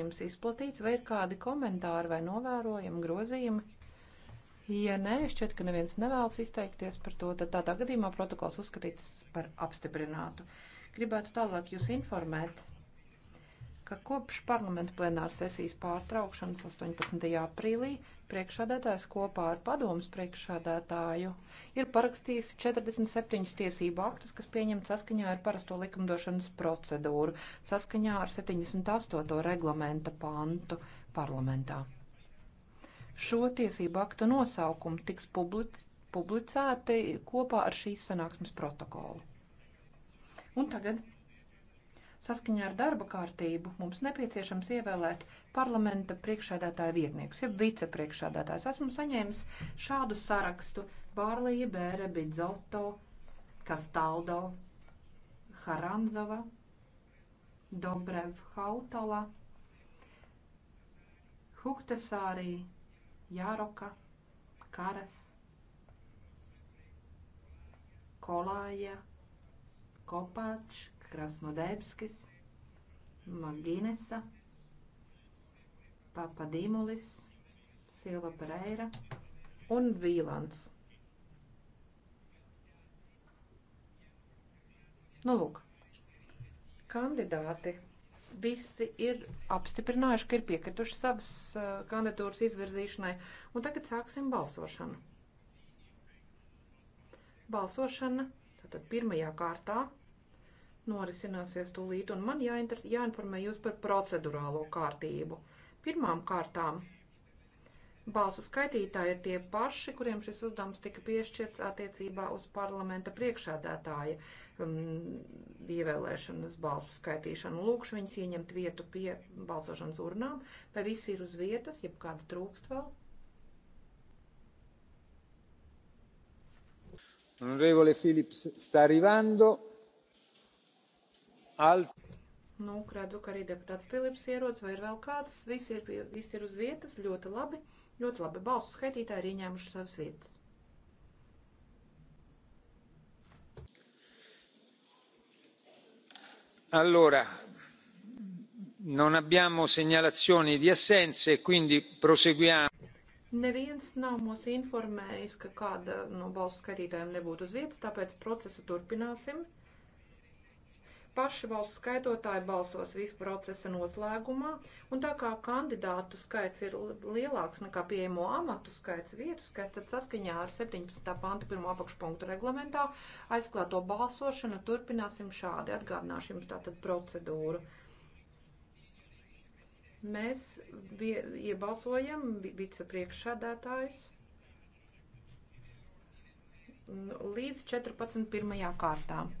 jums izplatīts, vai ir kādi komentāri vai novērojumi, grozījumi? Ja nē, šķiet, ka neviens nevēlas izteikties par to, tad tādā gadījumā protokols uzskatīts par apstiprinātu. Gribētu tālāk jūs informēt ka kopš parlamentu plenāra sesijas pārtraukšanas 18. aprīlī priekšādātājs kopā ar padomus priekšādātāju ir parakstījis 47 tiesību aktus, kas pieņemts saskaņā ar parasto likumdošanas procedūru, saskaņā ar 78. reglamenta pantu parlamentā. Šo tiesību aktu nosaukumu tiks publicēti kopā ar šīs sanāksmes protokolu. Un tagad Saskaņā ar darba kārtību mums nepieciešams ievēlēt parlamenta priekšsēdētāja vietniekus, jeb vicepriekšsēdētājs. Esmu saņēmis šādu sarakstu Bārlīja, Bēre, Bidzoto, Kastaldo, Haranzova, Dobrev, Hautala, Huhtesārī, Jāroka, Karas, Kolāja, Kopāčs, Krasnodēbskis, Maginesa, Papadimulis, Silva Pereira un Vīlants. Nu, lūk, kandidāti visi ir apstiprinājuši, ka ir piekrituši savas eh, kandidatūras izvirzīšanai, un tagad sāksim balsošanu. Balsošana, tātad pirmajā kārtā norisināsies tūlīt, un man jāinformē jūs par procedurālo kārtību. Pirmām kārtām balsu skaitītāji ir tie paši, kuriem šis uzdevums tika piešķirts attiecībā uz parlamenta priekšādātāja um, ievēlēšanas balsu skaitīšanu. Lūkšu viņus ieņemt vietu pie balsošanas urnām, vai visi ir uz vietas, jeb kāda trūkst vēl. Onorevole Philips sta arrivando. Alt. Nu, redzu, ka arī deputāts Filips ierodas, vai ir vēl kāds. Visi ir, visi ir uz vietas, ļoti labi. Ļoti labi. Balsu skaitītāji ir ieņēmuši savas vietas. Allora, non abbiamo segnalazioni di assenze, quindi proseguiamo. Neviens nav mūs informējis, ka kāda no balsu skatītājiem nebūtu uz vietas, tāpēc procesu turpināsim paši valsts skaitotāji balsos visu procesa noslēgumā, un tā kā kandidātu skaits ir lielāks nekā pieejamo amatu skaits vietu skaits, tad saskaņā ar 17. pantu 1. apakšpunktu reglamentā aizklāto balsošanu turpināsim šādi. Atgādināšu jums tātad procedūru mēs vie, iebalsojam vicepriekšsādātājus līdz 14.1. kārtām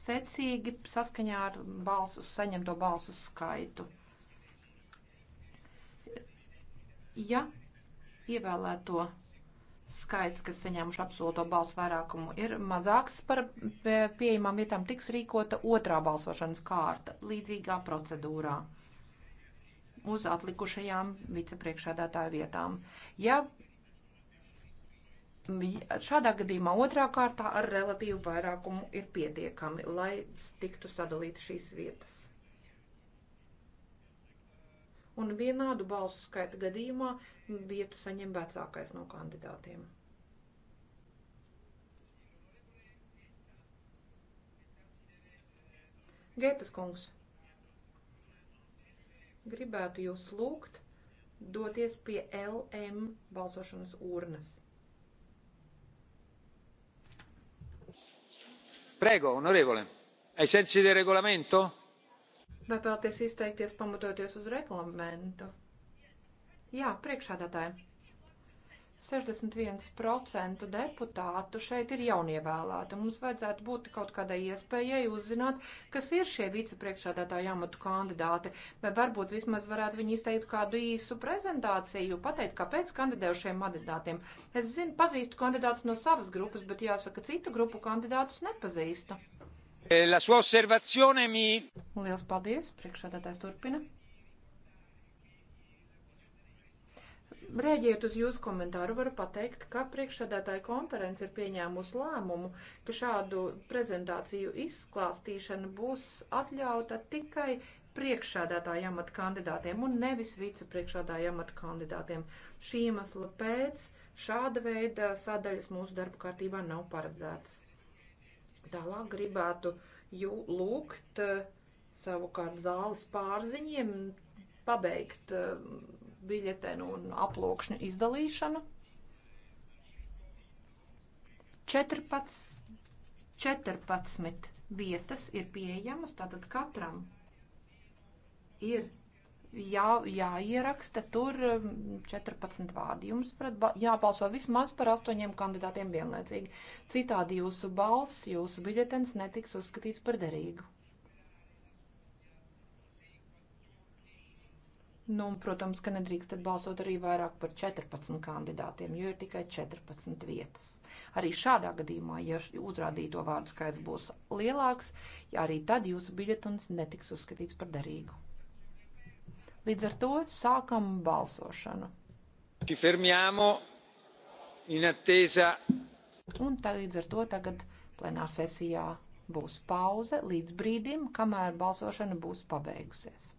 secīgi saskaņā ar balsu, saņemto balsu skaitu. Ja ievēlēto skaits, kas saņēmuši absolūto balsu vairākumu, ir mazāks par pieejamām vietām, tiks rīkota otrā balsošanas kārta līdzīgā procedūrā uz atlikušajām vicepriekšādātāju vietām. Ja šādā gadījumā otrā kārtā ar relatīvu vairākumu ir pietiekami, lai tiktu sadalīt šīs vietas. Un vienādu balsu skaita gadījumā vietu saņem vecākais no kandidātiem. Gētas kungs, gribētu jūs lūgt doties pie LM balsošanas urnas. Prego, honorevole, ai sensi del regolamento? Vai vēlaties izteikties pamatoties uz reglamentu? Jā, priekšādātāji. 61% deputātu šeit ir jaunievēlēti. Mums vajadzētu būt kaut kādai iespējai uzzināt, kas ir šie vicepriekšādātāju amatu kandidāti, vai varbūt vismaz varētu viņi izteikt kādu īsu prezentāciju, pateikt, kāpēc kandidējušiem kandidātiem. Es zinu, pazīstu kandidātus no savas grupas, bet jāsaka, citu grupu kandidātus nepazīstu. Eh, la sua osservazione mi... Lielas paldies, priekšādātājs turpina. Rēģējot uz jūsu komentāru, varu pateikt, ka priekšsēdētāja konference ir pieņēmusi lēmumu, ka šādu prezentāciju izklāstīšana būs atļauta tikai priekšsēdētāja amata kandidātiem un nevis vicepriekšsēdētāja amata kandidātiem. Šī iemesla pēc šāda veida sadaļas mūsu darba kārtībā nav paredzētas. Tālāk gribētu jū, lūgt eh, savukārt zāles pārziņiem pabeigt eh, biļetenu un aplokšņu izdalīšanu. 14, 14 vietas ir pieejamas, tātad katram ir jā, jāieraksta tur 14 vārdi. Jums pret, jābalso vismaz par astoņiem kandidātiem vienlaicīgi. Citādi jūsu balss, jūsu biļetens netiks uzskatīts par derīgu. Nu, un, protams, ka nedrīkstat balsot arī vairāk par 14 kandidātiem, jo ir tikai 14 vietas. Arī šādā gadījumā, ja uzrādīto vārdu skaits būs lielāks, ja arī tad jūsu biļetons netiks uzskatīts par derīgu. Līdz ar to sākam balsošanu. Un tā līdz ar to tagad plenā sesijā būs pauze līdz brīdim, kamēr balsošana būs pabeigusies.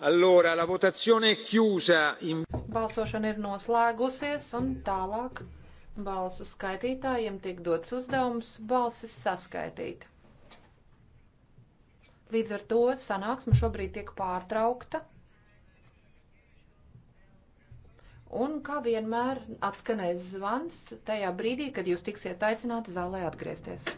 Allora, la votazione è chiusa. In... Balsošana ir noslēgusies un tālāk balsu skaitītājiem tiek dots uzdevums balsis saskaitīt. Līdz ar to sanāksme šobrīd tiek pārtraukta. Un kā vienmēr atskanēs zvans tajā brīdī, kad jūs tiksiet aicināti zālē atgriezties.